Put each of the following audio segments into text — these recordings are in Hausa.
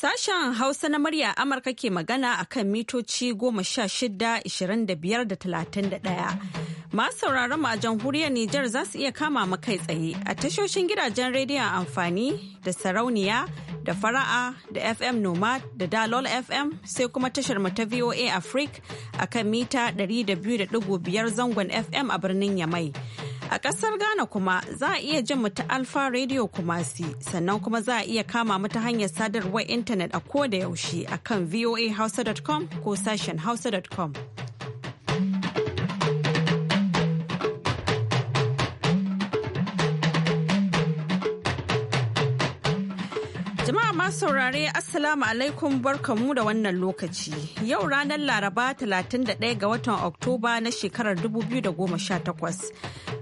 Sashen Hausa na murya Amurka ke magana a kan mitoci goma sha shida, ishirin da biyar da talatin da ɗaya. Masu sauraron a jamhuriyar Nijar za su iya kama mu kai tsaye a tashoshin gidajen rediyon amfani da sarauniya da fara'a da FM Nomad da Dalol FM sai kuma tashar ta VOA Africa a kan mita 200.5 zangon FM a birnin Yamai. A ƙasar Ghana kuma za a iya jin mu ta Alfa Radio Kumasi sannan kuma za a iya kama mu ta hanyar sadarwar intanet a ko da yaushe a kan voahausa.com ko sashen hausa.com. Jama'a masu saurare Assalamu alaikum barkamu da wannan lokaci. Yau ranar Laraba 31 ga watan Oktoba na shekarar 2018.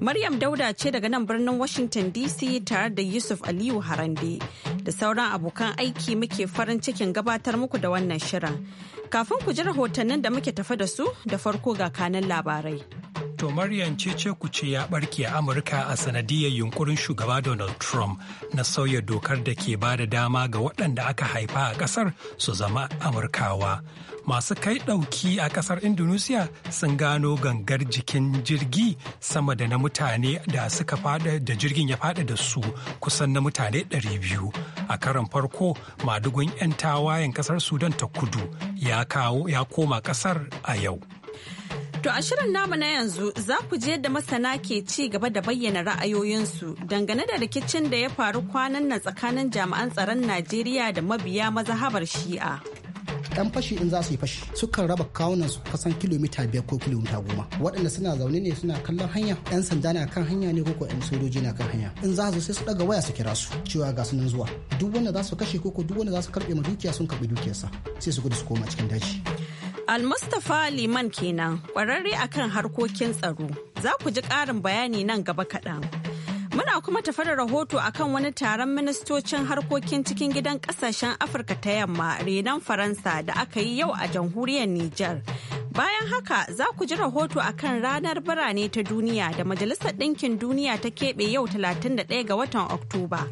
Maryam Dauda ce daga nan birnin Washington DC tare da Yusuf Aliyu Harande da sauran abokan aiki muke farin cikin gabatar muku da wannan shirin. Kafin ku ji rahotannin da muke tafa da su da farko ga kanan labarai. wato Maryam cece ce ya barke a Amurka a sanadiyar yunkurin shugaba Donald Trump na sauya dokar da ke ba da dama ga waɗanda aka haifa a ƙasar su zama Amurkawa. Masu kai ɗauki a ƙasar Indonesia sun gano gangar jikin jirgi sama da na mutane da suka fada da jirgin ya fada da su kusan na mutane 200. A karan farko madugun 'yan tawayen ƙasar Sudan ta kudu ya koma ƙasar a yau. To a shirin namu na yanzu za ku ji yadda masana ke ci gaba da bayyana ra'ayoyinsu dangane da rikicin da ya faru kwanan nan tsakanin jami'an tsaron Najeriya da mabiya mazahabar Shi'a. yan fashi in za su yi fashi sukan raba kawunan su kasan kilomita biyar ko kilomita goma waɗanda suna zaune ne suna kallon hanya yan sanda na kan hanya ne koko ɗan sojoji na kan hanya in za su sai su ɗaga waya su kira su cewa ga sunan zuwa duk wanda za su kashe koko duk wanda za su karɓe ma dukiya sun karɓi dukiyarsa sai su gudu su koma cikin daji Almustapha Liman kenan kwararre akan harkokin tsaro. Za ku ji ƙarin bayani nan gaba kaɗan. Muna kuma tafi da rahoto akan wani taron ministocin harkokin cikin gidan ƙasashen Afirka ta yamma renon Faransa da aka yi yau a jamhuriyar Nijar. Bayan haka za ku ji rahoto a kan ranar birane ta duniya da Majalisar Ɗinkin Duniya ta keɓe yau 31 ga watan Oktoba.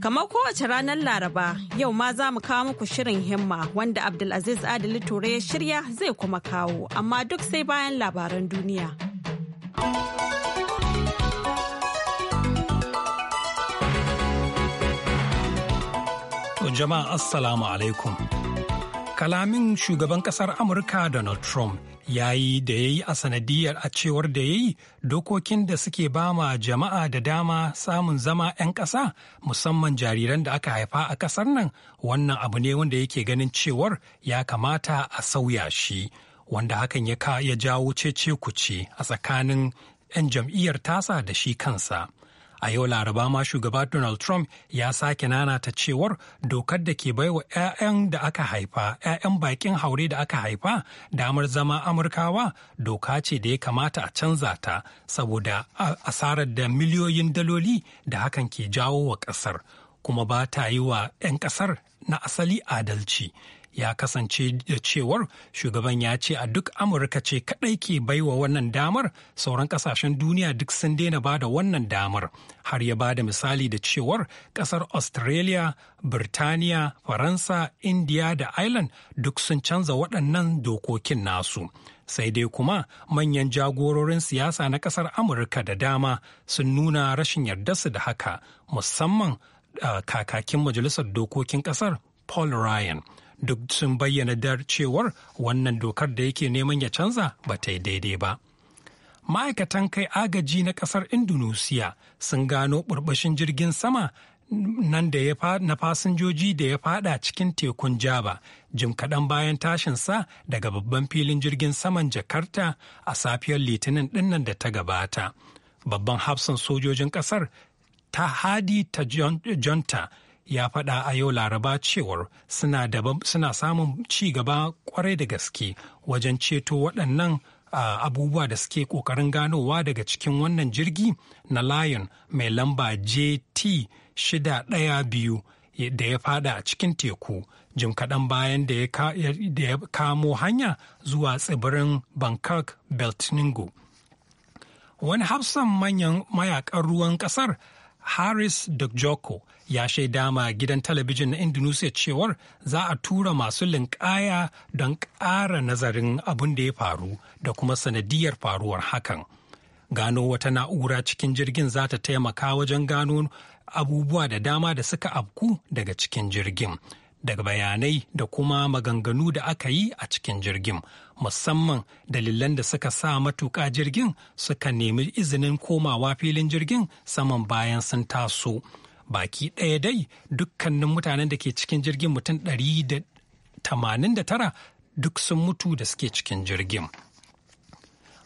Kamar kowace ranar Laraba, yau ma za mu kawo muku shirin himma wanda Abdulaziz Adili Ture ya shirya zai kuma kawo, amma duk sai bayan labaran duniya. Jama'a Assalamu alaikum. kalamin shugaban kasar amurka donald trump ya yi da ya yi a sanadiyar a cewar da ya yi dokokin da suke ba ma jama'a da dama samun zama 'yan ƙasa musamman jariran da aka haifa a ƙasar nan wannan abu ne wanda yake ganin cewar ya kamata a sauya shi wanda hakan ya jawo cece kuce a tsakanin 'yan jam'iyyar tasa da shi kansa A yau laraba ma shugaba Donald Trump ya sake nanata cewar dokar da ke baiwa 'ya'yan da aka haifa, 'ya'yan bakin haure da aka haifa damar zama Amurkawa doka ce da ya kamata a canza ta saboda asarar da miliyoyin daloli da hakan ke jawo wa kasar kuma ba ta yi wa 'yan kasar na asali adalci. ya kasance da cewar shugaban ya ce a duk amurka ce kadai ke baiwa wannan damar sauran kasashen duniya duk sun daina ba da wannan damar har ya ba da misali da cewar kasar australia birtaniya faransa india da ireland duk sun canza waɗannan dokokin nasu sai dai kuma manyan jagororin siyasa na kasar amurka da dama sun nuna rashin su da haka musamman uh, kakakin majalisar dokokin kasar paul ryan duk sun bayyana dar cewar wannan dokar da yake neman ya canza ba ta yi daidai ba. Ma'aikatan kai agaji na ƙasar Indonesia sun gano burbushin jirgin sama nan da ya na fasinjoji da ya fada cikin tekun Java jim kaɗan bayan tashinsa daga babban filin jirgin saman Jakarta a safiyar Litinin ɗinnan da ta gabata. Babban hafsan sojojin ƙasar ta hadi ta jonta ya faɗa a yau laraba cewar suna samun ci gaba kwarai da gaske wajen ceto waɗannan abubuwa da suke ƙoƙarin ganowa daga cikin wannan jirgi na lion mai lamba jt 612 da ya faɗa a cikin teku jim kaɗan bayan da ya kamo hanya zuwa tsibirin bangkok beltningo wani hafsan manyan mayakan ruwan ƙasar harris dukjoko ya shaida ma gidan talabijin na indonesia cewar za a tura masu linƙaya don ƙara nazarin abin da ya faru da kuma sanadiyar faruwar hakan gano wata na'ura cikin jirgin za ta taimaka wajen gano abubuwa da dama da suka afku daga cikin jirgin daga bayanai da kuma maganganu da aka yi a cikin jirgin musamman dalilan da suka sa matuƙa jirgin suka nemi izinin komawa filin jirgin saman bayan sun taso baki ɗaya dai dukkanin mutanen da ke cikin jirgin mutum tara duk sun mutu da suke cikin jirgin.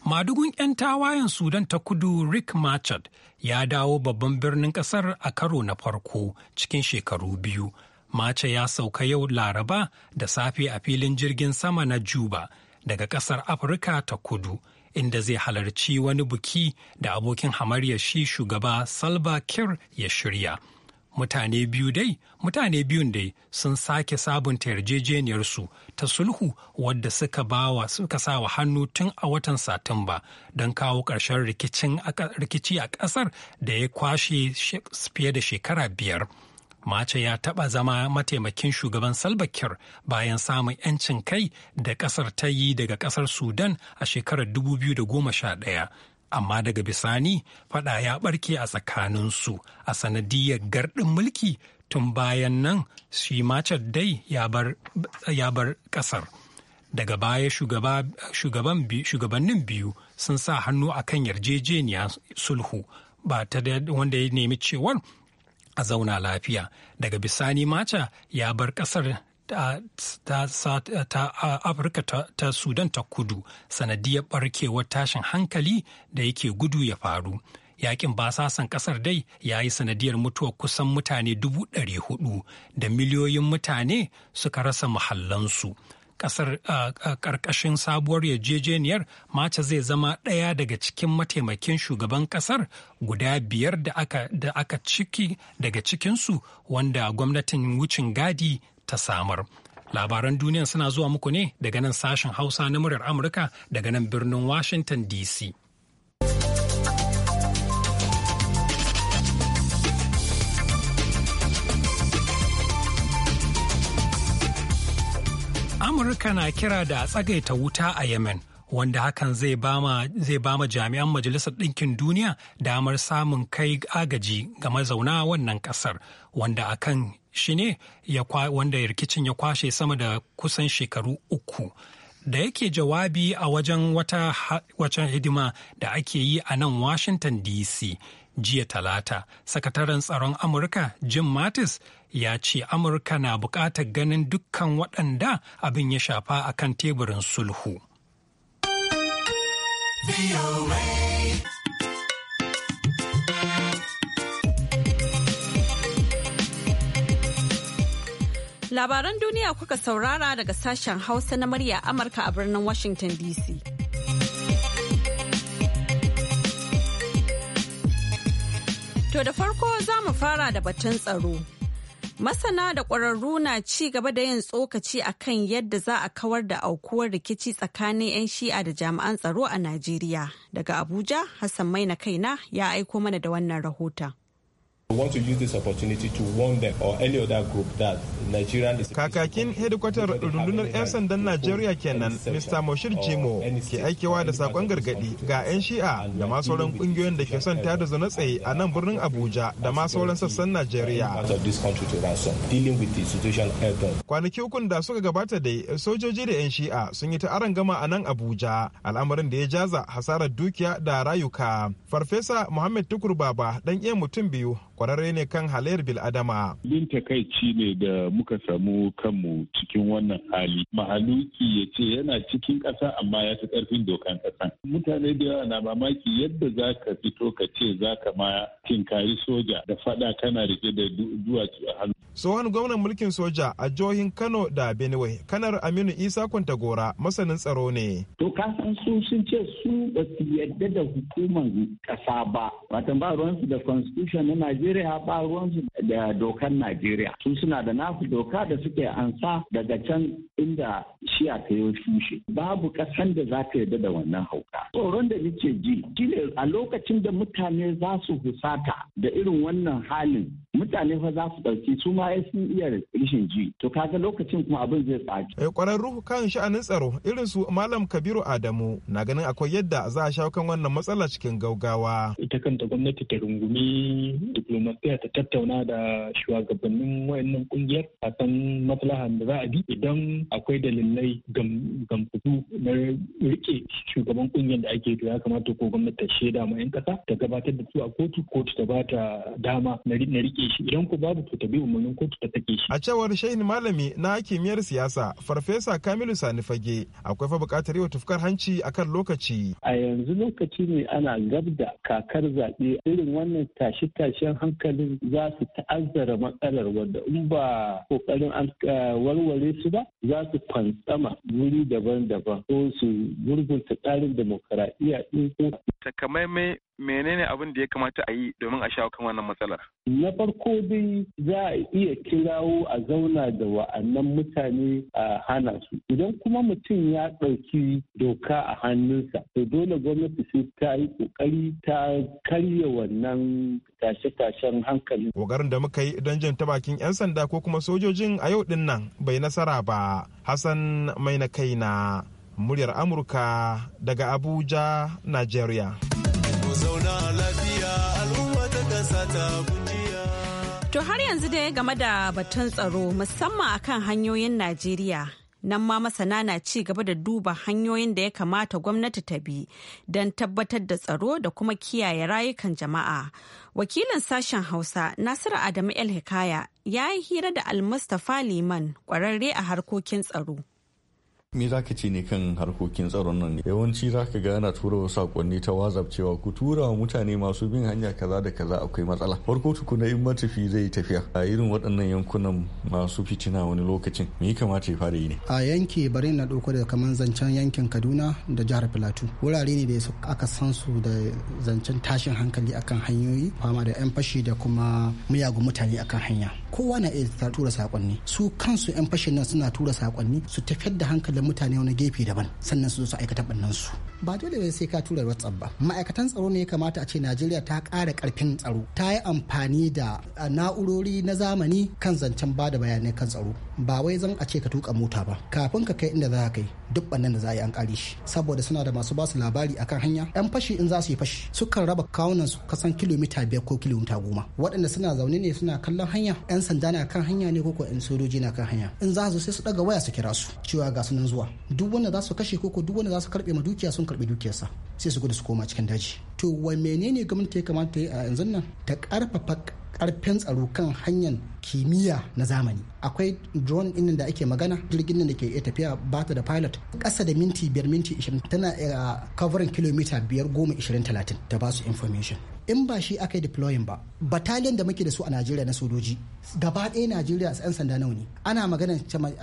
Madugun 'yan tawayen Sudan ta kudu Rick Machad ya dawo babban birnin ƙasar a karo na farko cikin shekaru biyu. Mace ya sauka yau Laraba da safe a filin jirgin sama na Juba daga ƙasar Afirka ta kudu. inda zai halarci wani buki da abokin hamarya shi shugaba Salva Kiir ya shirya. mutane biyu dai mutane biyun dai sun sake sabunta yarjejeniyarsu ta sulhu wadda suka bawa suka wa hannu tun a watan satumba don kawo ƙarshen rikici a ƙasar da ya kwashe fiye da shekara biyar mace ya taɓa zama mataimakin shugaban salbakir bayan samun 'yancin kai da ƙasar ta yi daga ƙasar sudan a shekarar 2011 amma daga bisani fada ya barke a tsakaninsu a sanadiyar gardin mulki tun bayan nan shi dai ya bar kasar daga baya shugabannin biyu sun sa hannu a kan yarjejeniya sulhu ba ta wanda ya nemi cewar a zauna lafiya daga bisani macha ya bar kasar ta eh, afirka ta sudan ta kudu sanadiyar barkewar tashin hankali da yake gudu ya faru yakin basasan kasar dai ya yi sanadiyar mutuwar kusan mutane dubu ɗari hudu da miliyoyin mutane suka rasa muhallansu. kasar karkashin sabuwar yarjejeniyar mace zai zama ɗaya daga cikin mataimakin shugaban kasar guda biyar da aka ciki daga cikinsu wanda gwamnatin wucin gadi ta samar. Labaran duniyan suna zuwa muku ne daga nan sashen Hausa na muryar Amurka daga nan birnin Washington DC. Amurka na kira da tsagaita wuta a Yemen. wanda hakan zai bama jami'an majalisar ɗinkin duniya damar samun kai agaji ga mazauna wannan ƙasar wanda akan Shi ne wanda rikicin ya kwashe sama da kusan shekaru uku da yake jawabi a wajen wata wacan hidima da ake yi a nan washington dc jiya talata sakataren tsaron amurka jim mattis ya ce amurka na bukatar ganin dukkan waɗanda abin ya shafa a kan teburin sulhu. Labaran duniya kuka saurara daga sashen Hausa na murya Amurka a birnin Washington DC. To da farko za mu fara da batun tsaro. Masana da ƙwararru na ci gaba da yin tsokaci a kan yadda za a kawar da aukuwar rikici tsakanin 'yan shi'a da jami'an tsaro a Najeriya. Daga Abuja, Hassan mai na kaina ya aiko mana da wannan rahoton. Kakakin hedikwatar rundunar 'yan sandan Najeriya kenan Mr. Moshir Jimo ke aikewa da sakon gargadi ga 'yan shi'a da ma sauran kungiyoyin da ke son tada zana tsaye a nan birnin Abuja da ma sauran sassan Najeriya. Kwanaki ukun da suka gabata dai sojoji da 'yan shi'a sun yi ta gama a nan Abuja al'amarin da ya jaza hasarar dukiya da rayuka. Farfesa Muhammad Tukur Baba dan iya mutum biyu kwararre ne kan halayyar bil'adama. Bin takaici ne da muka samu kanmu cikin wannan hali. Mahaluki ya ce yana cikin ƙasa amma ya fi ƙarfin dokan ƙasan. Mutane da yawa na mamaki yadda za ka fito ka ce za ka ma tinkari soja da faɗa kana rike da duwatsu a hannu. tsohon gwamnan mulkin soja a jihohin kano da benue kanar aminu isa kwantagora masanin tsaro ne to kasan su sun ce su ba su yadda da hukumar kasa ba wata ba ruwansu da constitution na najeriya ba ruwansu da dokar najeriya su suna da nasu doka da suke ansa daga can inda shiya ta yi shushe babu kasan da za ta yadda da wannan hauka tsoron da nake ji shine a lokacin da mutane za su husata da irin wannan halin mutane fa za su ɗauki suma. bayan sun iya rashin ji to kaga lokacin kuma abin zai tsaki. Eh, kwararru kan sha'anin tsaro irin su malam kabiru adamu na ganin akwai yadda za a shawo kan wannan matsala cikin gaugawa. ita kanta gwamnati ta rungumi diplomasiya ta tattauna da shugabannin wayannan kungiyar a san matsalahan da za a bi idan akwai dalilai gamsutu na rike shugaban kungiyar da ake to ya kamata ko gwamnati ta shaida ma 'yan kasa ta gabatar da su a kotu kotu ta ba ta dama na rike shi idan ko babu to ta bi umarnin kotu ta take shi. A cewar Shehin Malami na kimiyyar siyasa Farfesa Kamilu Sani Fage akwai fa bukatar yau tufkar hanci akan lokaci. A yanzu lokaci ne ana gab da kakar zaɓe irin wannan tashe-tashen hankalin za su ta'azzara matsalar wanda in ba kokarin an eh, warware su ba za su fantsama wuri daban-daban. su gurgunta tsarin demokaradiyya din ko takamaimai menene abin da ya kamata a yi domin a shawo kan wannan matsalar na farko dai za a iya kirawo a zauna da wa'annan mutane a hana su idan kuma mutum ya ɗauki doka a hannunsa to dole gwamnati sai ta yi ƙoƙari ta karya wannan tashe-tashen hankali wagarin da muka yi don jin ta bakin 'yan sanda ko kuma sojojin a yau din nan bai nasara ba hassan mai na kaina muryar amurka daga abuja nigeria to har yanzu dai game da batun tsaro musamman akan hanyoyin najeriya nan ma masana na ci gaba da duba hanyoyin da ya kamata gwamnati ta bi don tabbatar da tsaro da kuma kiyaye rayukan jama'a. Wakilin sashen Hausa Nasiru Adamu El Hikaya ya yi hira da almustafa Liman kwararre a harkokin tsaro. me za ka ce ne kan harkokin tsaron nan yawanci za ka ga ana tura wasu sakonni ta whatsapp cewa ku tura mutane masu bin hanya kaza da kaza akwai matsala farko tukuna in matafi zai tafiya a irin waɗannan yankunan masu fitina wani lokacin me kamata ya fara yi ne a yanki bari na ɗauko da kamar zancen yankin kaduna da jihar plateau wurare ne da aka san su da zancen tashin hankali akan hanyoyi fama da yan fashi da kuma miyagun mutane akan hanya kowa na iya tura sakonni su kansu yan fashin nan suna tura sakonni su tafiyar da hankalin mutane wani gefe daban sannan su zo su aikata bannan su ba dole ne sai ka tura whatsapp ba ma'aikatan tsaro ne ya kamata a ce najeriya ta ƙara ƙarfin tsaro ta yi amfani da na'urori na zamani kan zancen bada bayanai kan tsaro ba wai zan a ce ka tuka mota ba kafin ka kai inda za ka kai duk bannan da za a yi an kare shi saboda suna da masu basu labari akan hanya yan fashi in za su yi fashi sukan raba kawunan su kasan kilomita biyar ko kilomita goma waɗanda suna zaune ne suna kallon hanya yan sanda na kan hanya ne koko yan sojoji na kan hanya in za su sai su daga waya su kira su cewa ga sunan zuwa duk wanda za su kashe koko duk wanda za su karbe ma dukiya sun karbe dukiyarsa sai su gudu su koma cikin daji to wa menene gwamnati ya kamata ta yi a yanzu nan ta karfafa karfin tsaro kan hanyar kimiyya na zamani akwai drone din da ake magana jirgin da ke tafiya ba ta da pilot kasa da minti biyar minti ishirin tana iya uh, covering kilomita biyar goma ishirin talatin ta ba su information in ba shi aka yi deployin ba battalion da muke da su a najeriya na sojoji gaba ɗaya najeriya yan sanda nawa ne ana magana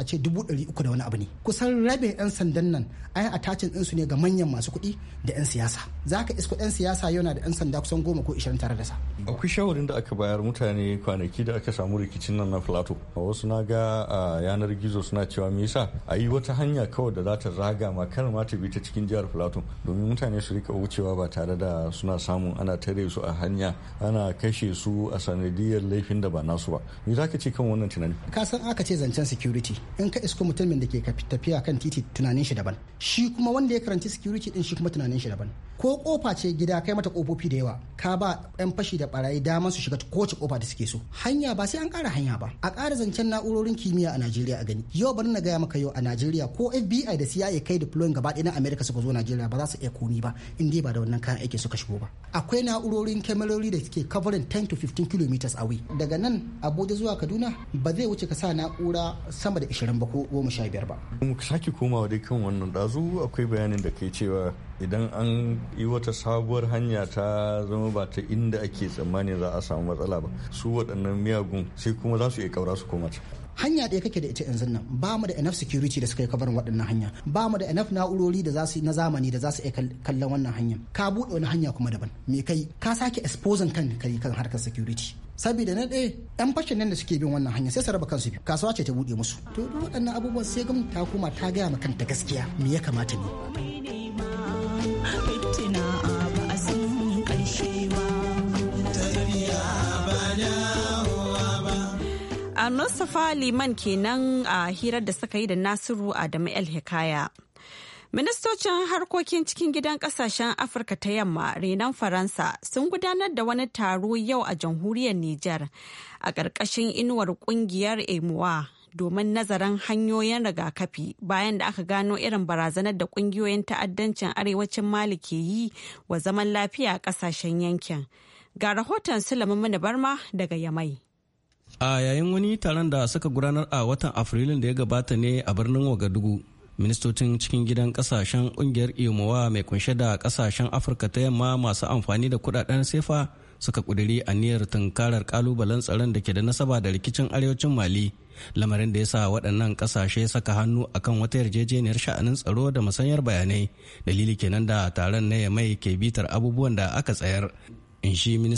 a ce dubu ɗari uku da wani abu ne kusan rabin yan sandan nan an tacin din su ne ga manyan masu kuɗi da yan siyasa za ka isko yan siyasa yana da yan sanda kusan goma ko ishirin tare da sa akwai shawarin da aka bayar mutane kwanaki da aka samu rikicin nan na a wasu na ga a yanar gizo suna cewa me yasa a yi wata hanya kawai da za ta zaga ma kar ma ta bi ta cikin jihar plato domin mutane su rika wucewa ba tare da suna samun ana tare su a hanya ana kashe su a sanadiyar laifin da ba nasu ba me za ka ce kan wannan tunani ka san aka ce zancen security in ka isko mutumin da ke tafiya kan titi tunanin shi daban shi kuma wanda ya karanci security din shi kuma tunanin shi daban ko kofa ce gida kai mata kofofi da yawa ka ba yan fashi da barayi dama su shiga kowace kofa da suke so hanya ba sai an kara hanya ba a kara zancen na'urorin kimiyya a Najeriya a gani yau bari na gaya maka yau a Najeriya ko FBI da CIA kai deploying gaba ɗaya na America suka zo Najeriya ba za su iya komi ba in dai ba da wannan kayan aiki suka shigo ba akwai na'urorin kyamarori da suke covering 10 to 15 kilometers away daga nan Abuja zuwa Kaduna ba zai wuce ka sa na'ura sama da 20 ba ko 15 ba mu sake komawa dai kan wannan dazu akwai bayanin da kai cewa idan an yi wata sabuwar hanya ta zama ba ta inda ake tsammanin za a samu matsala ba su waɗannan miyagun sai kuma za su iya ƙaura su koma hanya ɗaya kake da ita yanzu nan ba mu da enough security da suka yi kabarin waɗannan hanya ba mu da enough na'urori da za su na zamani da za su iya kallon wannan hanyar ka buɗe wani hanya kuma daban me kai ka sake exposing kan kai kan harkar security saboda na ɗaya yan fashin nan da suke bin wannan hanya sai su raba kansu biyu kasuwa ce ta buɗe musu to waɗannan abubuwan sai gwamnati ta koma ta gaya ma kanta gaskiya me ya kamata ne a Mustapha Liman kenan a hirar da suka yi da Nasiru Adamu El Hikaya. Ministocin harkokin cikin gidan kasashen Afirka ta yamma renon Faransa sun gudanar da wani taro yau a jamhuriyar Nijar a ƙarƙashin inuwar ƙungiyar Emuwa domin nazarin hanyoyin rigakafi bayan da aka gano irin barazanar da ƙungiyoyin ta'addancin arewacin Mali ke yi wa zaman lafiya a ƙasashen yankin. Ga rahoton Sulaiman Barma daga Yamai. a yayin wani taron da suka gudanar a watan afrilun da ya gabata ne a birnin wagadugu ministocin cikin gidan kasashen kungiyar imowa mai kunshe da kasashen afirka ta yamma masu amfani da kudaden sefa suka kuduri niyyar tunkarar kalubalen tsaron da ke da nasaba da rikicin arewacin mali lamarin da ya sa waɗannan ƙasashe saka hannu akan wata yarjejeniyar sha'anin tsaro da masanyar bayanai dalili kenan da taron na mai ke bitar abubuwan da aka tsayar la commission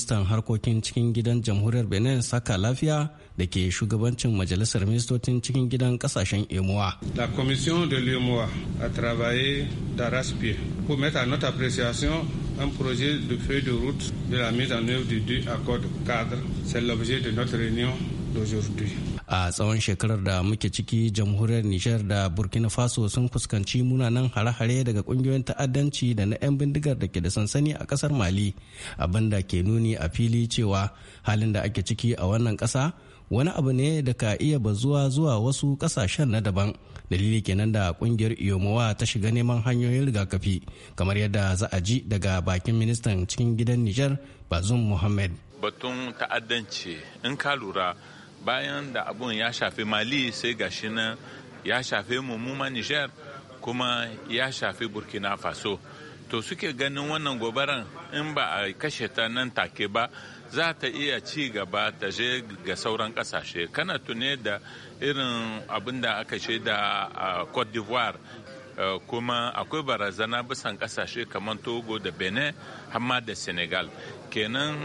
de l'UMOA a travaillé d'arrache-pied pour mettre à notre appréciation un projet de feuille de route de la mise en œuvre du accord cadre c'est l'objet de notre réunion d'aujourd'hui a tsawon shekarar da muke ciki jamhuriyar Nijar da burkina faso sun fuskanci munanan hare-hare daga kungiyoyin ta'addanci da na 'yan bindigar da ke da sansani a kasar mali abinda ke nuni a fili cewa halin da ake ciki a wannan kasa wani abu ne da ka iya bazuwa zuwa wasu kasashen na daban dalili kenan da kungiyar iyomowa ta shiga neman hanyoyin rigakafi kamar yadda za a ji daga bakin ministan cikin gidan nijar bazum muhammad batun ta'addanci in ka lura bayan da abun ya shafi mali sai gashi nan ya shafe mu niger kuma ya shafi burkina faso to suke ganin wannan gobaran in ba a kashe ta nan take ba za ta iya ci gaba ta je ga sauran kasashe kana tune da irin abin da aka shaida a cote d'ivoire eh, kuma akwai barazana bisan kasashe kamar togo da benin hamma da senegal kenan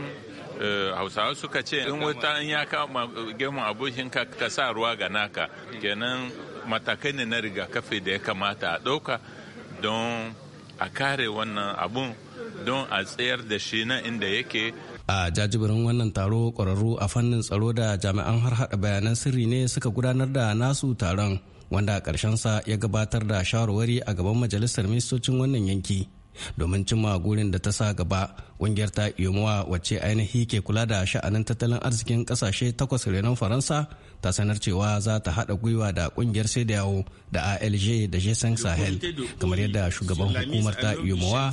Eh, hausawa suka ce in wuta in ya kama girman abokinka ka sa ruwa ga naka kenan matakai ne na rigakafi da ya kamata a ɗauka don a kare wannan abun don a tsayar da shi na inda yake a jajibirin wannan taro kwararru a fannin tsaro da jami'an har hada bayanan sirri ne suka gudanar da nasu taron wanda a sa ya gabatar da shawarwari a gaban majalisar ministocin wannan yanki domin cimma gurin da ta sa gaba kungiyar ta yomuwa wacce ainihi ke kula da sha'anin tattalin arzikin kasashe takwas renon faransa ta sanar cewa za ta haɗa gwiwa da ƙungiyar yawo da alg da jason sahel kamar yadda shugaban hukumar ta yomuwa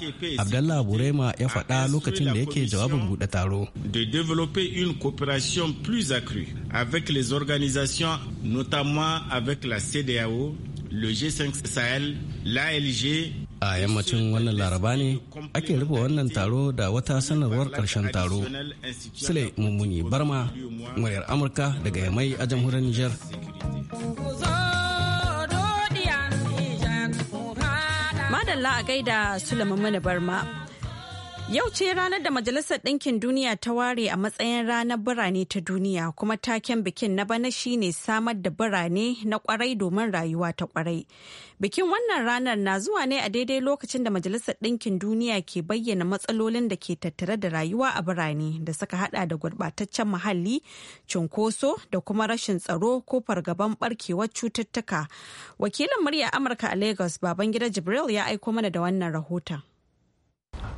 abdallah burema ya faɗa lokacin da yake jawabin buɗe taro de développer une coopération plus accrue avec les organisations notamment avec la CDAO, le G5 Sahel, l'ALG a yammacin wannan laraba ne ake rufe wannan taro da wata sanarwar karshen taro sule mummuni barma muryar amurka daga yamai a jamhuriyar niger madalla a gaida sule mummuni barma Yau ce ranar da Majalisar Ɗinkin Duniya ta ware a matsayin ranar birane ta duniya kuma taken bikin na bana shine samar da birane na kwarai domin rayuwa ta kwarai. Bikin wannan ranar na zuwa ne a daidai lokacin da Majalisar Ɗinkin Duniya ke bayyana matsalolin da ke tattare da rayuwa a birane da suka hada da gurɓataccen muhalli, cunkoso da kuma rashin tsaro ko fargaban barkewar cututtuka. Wakilin murya Amurka a Lagos Babangida Jibril ya aiko mana da wannan rahoton.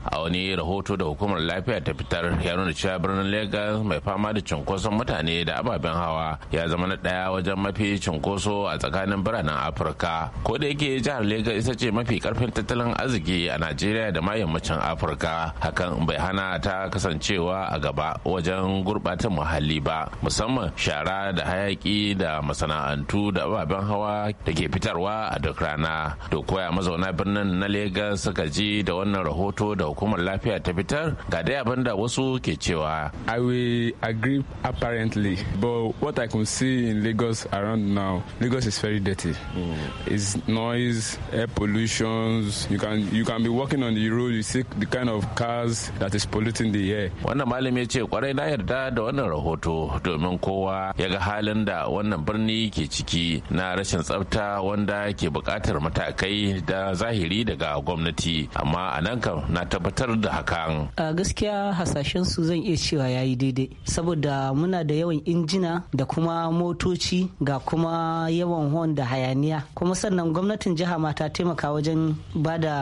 a wani rahoto da hukumar lafiya ta fitar ya nuna cewa birnin Legas mai fama da cunkoson mutane da ababen hawa ya zama na daya wajen mafi cunkoso a tsakanin biranen afirka ko da yake jihar Legas ita ce mafi karfin tattalin arziki a najeriya da ma yammacin afirka hakan bai hana ta kasancewa a gaba wajen gurbata muhalli ba musamman shara da hayaki da masana'antu da ababen hawa da ke fitarwa a duk rana to koya mazauna birnin na Legas suka ji da wannan rahoto da hukumar lafiya ta fitar ga dai abin da wasu ke cewa i will agree apparently but what i can see in lagos around now lagos is very dirty hmm. it's noise air pollution you can you can be walking on the road you see the kind of cars that is polluting the air wannan malami ya ce kwarai na yarda da wannan rahoto domin kowa ya ga halin da wannan birni ke ciki na rashin tsafta wanda ke buƙatar matakai da zahiri daga gwamnati amma a nan kam na tabbatar da hakan a gaskiya hasashen su zan iya cewa ya yi daidai saboda muna da yawan injina da kuma motoci ga kuma yawan hon da hayaniya kuma sannan gwamnatin jiha ma ta taimaka wajen ba da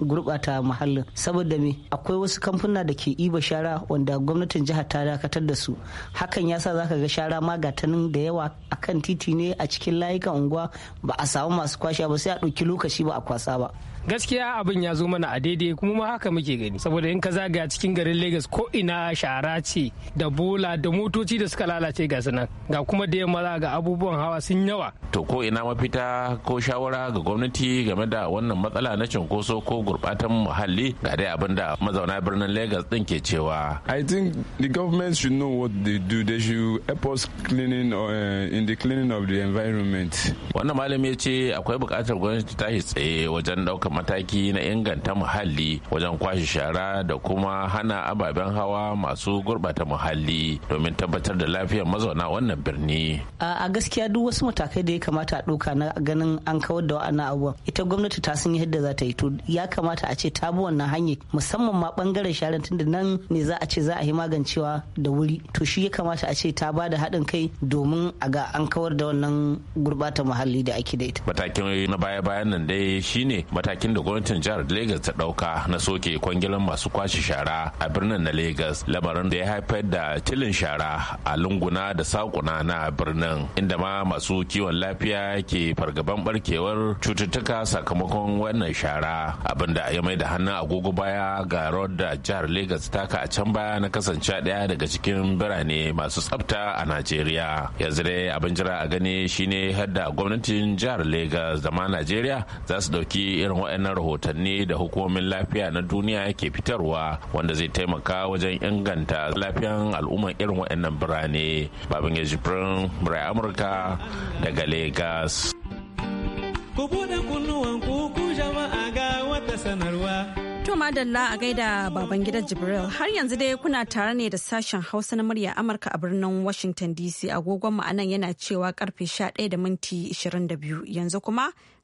gurbata muhallin saboda me akwai wasu kamfuna da ke iba shara wanda gwamnatin jihar ta dakatar da su hakan yasa zaka ga shara ma da yawa a kan titi ne a cikin layukan unguwa ba a samu masu kwashe ba sai a ɗauki lokaci ba a kwasa ba gaskiya abin ya zo mana a daidai kuma ma haka muke gani saboda in ka zagaya cikin garin lagos ko ina shara ce da bola da motoci da suka lalace ga sunan ga kuma da yamma ga abubuwan hawa sun yawa to ko ina mafita ko shawara ga gwamnati game da wannan matsala na cunkoso ko gurbatan muhalli ga dai abin da mazauna birnin lagos din ke cewa i think the government should know what they do they should help us cleaning uh, in the cleaning of the environment wannan malami ya ce akwai bukatar gwamnati ta tsaye wajen daukar mataki na inganta muhalli wajen kwashe shara da kuma hana ababen hawa masu gurbata muhalli domin tabbatar da lafiyar mazauna wannan birni a gaskiya duk wasu matakai da ya kamata a ɗauka na ganin an kawar da wa'annan abubuwan ita gwamnati ta san yadda za ta yi to ya kamata a ce ta bi wannan hanyar musamman ma bangaren sharan tunda nan ne za a ce za a yi magancewa da wuri to shi ya kamata a ce ta ba da haɗin kai domin a ga an kawar da wannan gurbata muhalli da ake da ita matakin na baya-bayan nan dai shine mataki matakin da gwamnatin jihar Legas ta dauka na soke kwangilan masu kwashe shara a birnin na Legas lamarin da ya haifar da tilin shara a lunguna da sakuna na birnin inda ma masu kiwon lafiya ke fargaban barkewar cututtuka sakamakon wannan shara abinda ya mai da hannun agogo baya ga rawar da jihar Legas taka a can baya na kasance daya daga cikin birane masu tsafta a Najeriya yanzu dai abin jira a gani shine hadda gwamnatin jihar Legas da ma Najeriya za su dauki irin waɗannan rahotanni da hukumomin lafiya na duniya ke fitarwa wanda zai taimaka wajen inganta lafiyan al'umman irin waɗannan birane babin ya jibrin birai amurka daga lagos ku buɗe kunnuwan ku jama'a ga wata sanarwa To madalla a gaida baban gidan Jibril har yanzu dai kuna tare ne da sashen Hausa na murya Amurka a birnin Washington DC agogon mu anan yana cewa karfe 11 da minti 22 yanzu kuma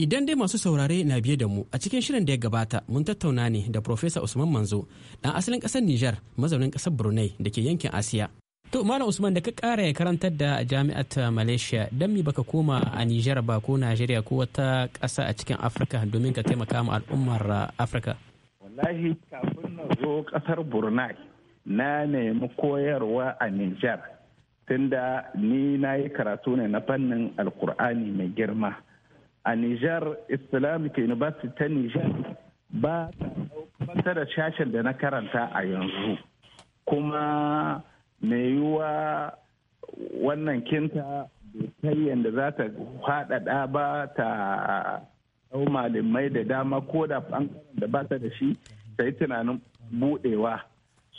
Idan dai masu saurare na biye da mu a cikin shirin da ya gabata mun tattauna ne da Profesa Usman Manzo dan asalin ƙasar Nijar mazaunin ƙasar Brunei da ke yankin Asiya. To Malam Usman da ka kara ya karantar da jami'at Malaysia dan mi baka koma a Nijar ba ko Najeriya ko wata kasa a cikin Afirka domin ka taimaka ma al'ummar uh, Afirka. Wallahi kafin na zo ƙasar Brunei na nemi koyarwa a Nijar tunda ni na yi karatu ne na fannin Alkur'ani mai girma. a Nijar Islamic University ta Nijar ba ta da shashen da na karanta a yanzu kuma mai yiwuwa wannan kinta kai yadda za ta faɗaɗa ba ta ɗau malamai da dama ko da ɓangaren da ba ta da shi ta yi tunanin buɗewa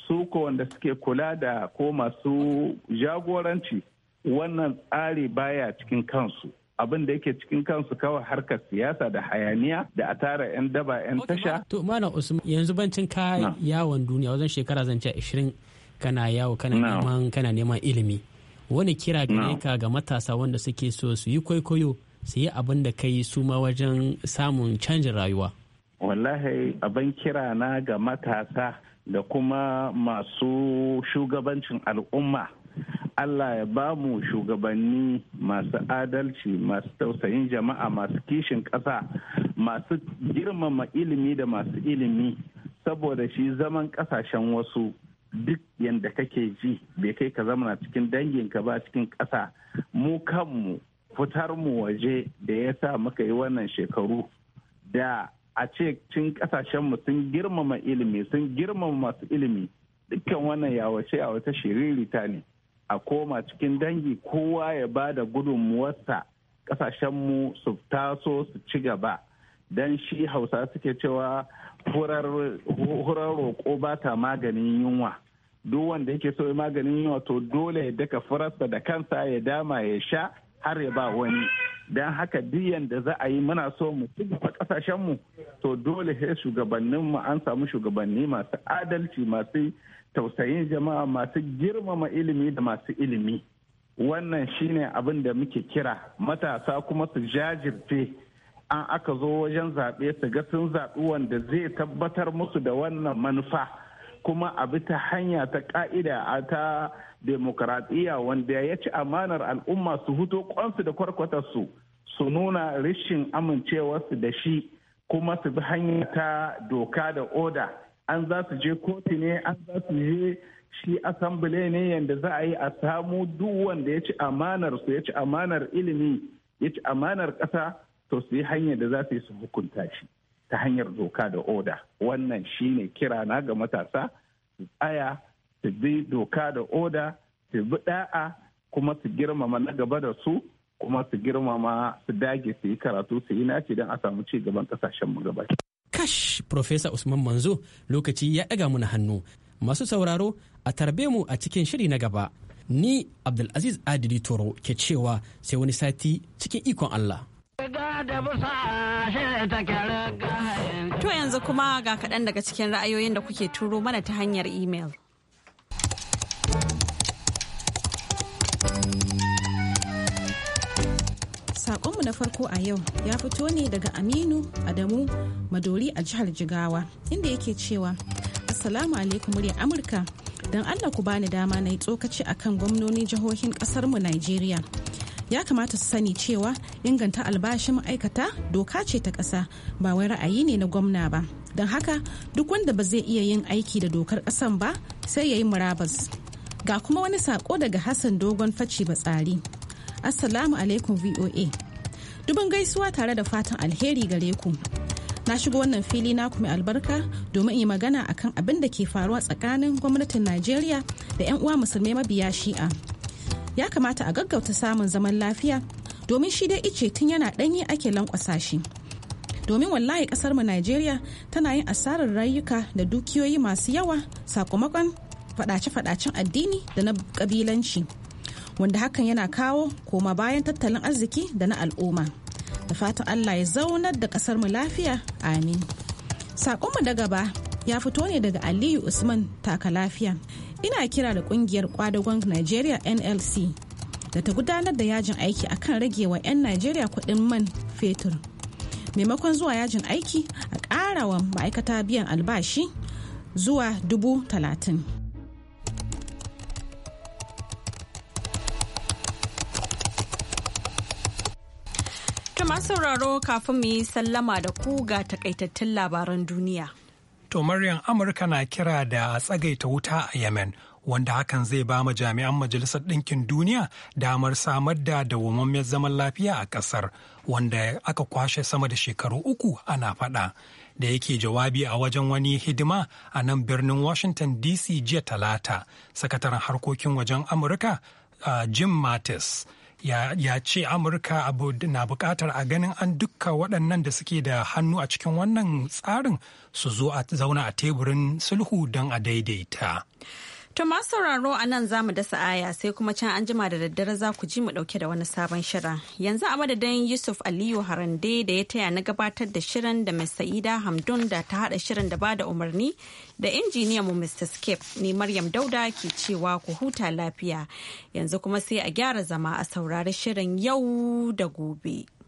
su ko wanda suke kula da ko masu jagoranci wannan tsari baya cikin kansu abin da yake cikin kansu kawai harkar siyasa da hayaniya da a tara 'yan daba 'yan tasha. To mana Usman yanzu bancin ka yawon duniya wajen shekara zance 20 kana yawo kana neman ilimi. Wani kira gare ka ga matasa wanda suke so su yi kwaikwayo su yi abin da kai su ma wajen samun canjin rayuwa. Wallahi abin kira na ga matasa da kuma masu shugabancin al'umma allah ya ba mu shugabanni masu adalci masu tausayin jama'a masu kishin ƙasa masu girmama ilimi da masu ilimi saboda shi zaman ƙasashen wasu duk yadda kake ji bai kai ka zamana cikin danginka ba cikin ƙasa mu kanmu fitar mu waje da ya sa muka yi wannan shekaru da a ce cin ƙasashenmu sun girmama ilimi sun girmama masu ilimi dukkan wannan yawace yawace shiririta ne a koma cikin dangi kowa ya ba da gudunmuwarsa kasashenmu su taso su ci gaba don shi hausa suke cewa hurar roƙo ba ta maganin yunwa duk wanda yake so maganin yunwa to dole ya daka furarsa da kansa ya dama ya sha har ya ba wani don haka diyan da za a yi muna so mu ci gaba mu to dole sai shugabanninmu an samu shugabanni masu adalci masu tausayin jama'a masu girmama ilimi da masu ilimi wannan shine abin da muke kira matasa kuma su jajirce an aka zo wajen zaɓe su ga sun zaɓi wanda zai tabbatar musu da wannan manufa kuma a bi ta hanya ta ƙa'ida a ta demokuraɗiyya wanda ya ci amanar al'umma su huto kwansu da kwarkwatarsu su nuna rishin amincewarsu da shi kuma su bi hanya ta doka da oda an za su je kotu ne an za su je shi asambile ne yadda za a yi a samu duk wanda ya ci amanar su ya ci amanar ilimi ya ci amanar ƙasa to su yi hanyar da za su yi su hukunta shi ta hanyar doka da oda wannan shine kira na ga matasa su tsaya su bi doka da oda su bi da'a kuma su girmama na gaba da su kuma su girmama su dage su yi karatu su yi naci don a samu ci gaban kasashen mu gaba kash Profesa Usman Manzo lokaci ya ɗaga muna hannu. Masu sauraro a tarbe mu a cikin shiri na gaba. Ni Abdulaziz Adili Toro ke cewa sai wani sati cikin ikon Allah. To yanzu kuma ga kaɗan daga cikin ra'ayoyin da kuke turo mana ta hanyar imel. Sakonmu na farko a yau ya fito ne daga Aminu Adamu Madori a jihar Jigawa inda yake cewa Assalamu alaikum muryar Amurka don Allah ku bani dama na yi tsokaci kan gwamnonin jihohin kasarmu nigeria Ya kamata su sani cewa inganta albashin ma'aikata doka ce ta ƙasa ba wai ra'ayi ne na gwamna ba. Don haka duk wanda ba zai iya yin aiki da dokar ƙasan ba sai ya yi murabas. Ga kuma wani saƙo daga Hassan Dogon ba tsari Assalamu alaikum VOA. Dubin gaisuwa tare da fatan alheri gare ku. Na shiga wannan fili na mai albarka domin yi magana akan abin da ke faruwa tsakanin gwamnatin Najeriya da 'yan uwa musulmai mabiya shi'a. Ya kamata a gaggauta samun zaman lafiya domin shi dai ice tun yana ɗanyi ake lankwasa shi. domin wallahi kasar mu Najeriya tana yin asarar rayuka da dukiyoyi masu yawa sakamakon fadace-fadacen addini da na kabilanci. wanda hakan yana kawo koma bayan tattalin arziki da na al'umma da fatan allah ya zaunar da kasar mu lafiya amin saƙonmu da gaba ya fito ne daga aliyu usman taka lafiya ina kira da ƙungiyar kwadagon nigeria nlc da ta gudanar da yajin aiki akan rage wa 'yan najeriya kuɗin man fetur maimakon zuwa yajin aiki a ƙarawa ma'aikata biyan albashi zuwa dubu talatin sauraro kafin mu yi sallama da ku ga takaitattun labaran duniya. To Maryam Amurka na kira da tsagaita wuta a Yemen. wanda hakan zai ba ma jami'an majalisar ɗinkin duniya damar samar da dawwammamiyar zaman lafiya a ƙasar wanda aka kwashe sama da shekaru uku ana faɗa da yake jawabi a wajen wani hidima a nan birnin washington dc jiya talata sakataren harkokin wajen amurka uh, jim mattis ya ce amurka abu na bukatar a ganin an dukka waɗannan da suke da hannu a cikin wannan tsarin su zo a zauna a teburin sulhu don a daidaita To masu sauraro a nan za mu dasa aya sai kuma can an jima da daddare za ku ji mu dauke da wani sabon shirin. Yanzu a madadin Yusuf Aliyu Harande da ya taya na gabatar da shirin da Mr. Sa'ida Hamdun da ta hada shirin da bada umarni da injiniyan mu Mr. Skip ne Maryam Dauda ke cewa ku huta lafiya. Yanzu kuma sai a gyara zama a saurari shirin yau da gobe.